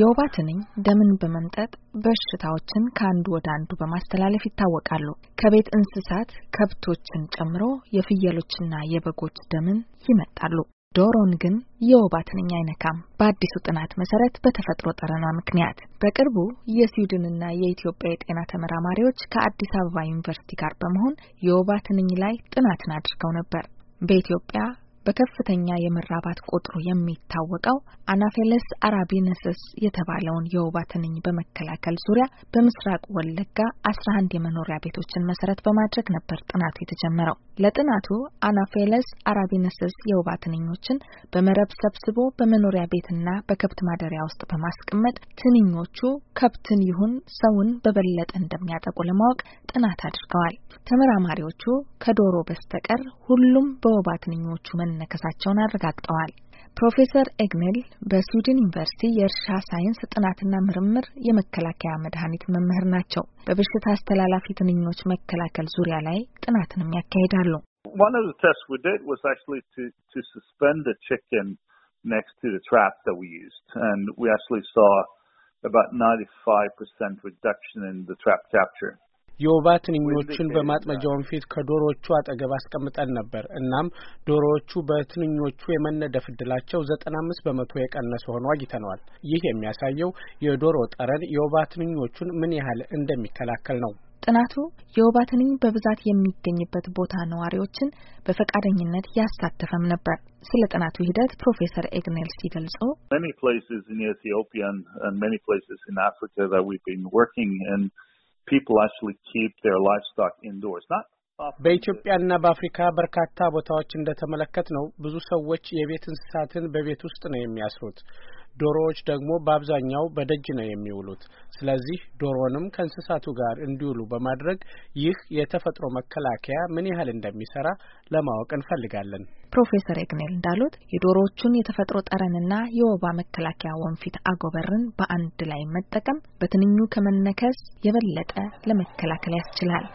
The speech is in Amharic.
የወባ ትንኝ ደምን በመምጠጥ በሽታዎችን ከአንዱ ወደ አንዱ በማስተላለፍ ይታወቃሉ። ከቤት እንስሳት ከብቶችን ጨምሮ የፍየሎችና የበጎች ደምን ይመጣሉ። ዶሮን ግን የወባ ትንኝ አይነካም። በአዲሱ ጥናት መሰረት በተፈጥሮ ጠረኗ ምክንያት። በቅርቡ የስዊድንና የኢትዮጵያ የጤና ተመራማሪዎች ከአዲስ አበባ ዩኒቨርሲቲ ጋር በመሆን የወባ ትንኝ ላይ ጥናትን አድርገው ነበር። በኢትዮጵያ በከፍተኛ የመራባት ቁጥሩ የሚታወቀው አናፌለስ አራቢነስስ የተባለውን የወባ ትንኝ በመከላከል ዙሪያ በምስራቅ ወለጋ አንድ የመኖሪያ ቤቶችን መሰረት በማድረግ ነበር ጥናቱ የተጀመረው። ለጥናቱ አናፌለስ አራቢነስስ የወባ ትንኞችን በመረብ ሰብስቦ በመኖሪያ ቤትና በከብት ማደሪያ ውስጥ በማስቀመጥ ትንኞቹ ከብትን ይሁን ሰውን በበለጠ እንደሚያጠቁ ለማወቅ ጥናት አድርገዋል። ተመራማሪዎቹ ከዶሮ በስተቀር ሁሉም በወባ ትንኞቹ መነከሳቸውን አረጋግጠዋል። ፕሮፌሰር ኤግኔል በስዊድን ዩኒቨርሲቲ የእርሻ ሳይንስ ጥናትና ምርምር የመከላከያ መድኃኒት መምህር ናቸው። በበሽታ አስተላላፊ ትንኞች መከላከል ዙሪያ ላይ ጥናትንም ያካሂዳሉ። about 95% reduction in the trap capture. የወባ ትንኞቹን በማጥመጃው ፊት ከዶሮዎቹ አጠገብ አስቀምጠን ነበር። እናም ዶሮዎቹ በትንኞቹ የመነደፍ እድላቸው ዘጠና አምስት በመቶ የቀነሰ ሆኖ አግኝተነዋል። ይህ የሚያሳየው የዶሮ ጠረን የወባ ትንኞቹን ምን ያህል እንደሚከላከል ነው። ጥናቱ የወባ ትንኝ በብዛት የሚገኝበት ቦታ ነዋሪዎችን በፈቃደኝነት ያሳተፈም ነበር። ስለ ጥናቱ ሂደት ፕሮፌሰር ኤግኔል ሲገልጹ many places in Ethiopia and many places in Africa that we've been working people actually keep their livestock indoors. Not በኢትዮጵያና በአፍሪካ በርካታ ቦታዎች እንደተመለከት ነው ብዙ ሰዎች የቤት እንስሳትን በቤት ውስጥ ነው የሚያስሩት። ዶሮዎች ደግሞ በአብዛኛው በደጅ ነው የሚውሉት። ስለዚህ ዶሮንም ከእንስሳቱ ጋር እንዲውሉ በማድረግ ይህ የተፈጥሮ መከላከያ ምን ያህል እንደሚሰራ ለማወቅ እንፈልጋለን። ፕሮፌሰር ኤግኔል እንዳሉት የዶሮዎቹን የተፈጥሮ ጠረንና የወባ መከላከያ ወንፊት አጎበርን በአንድ ላይ መጠቀም በትንኙ ከመነከስ የበለጠ ለመከላከል ያስችላል።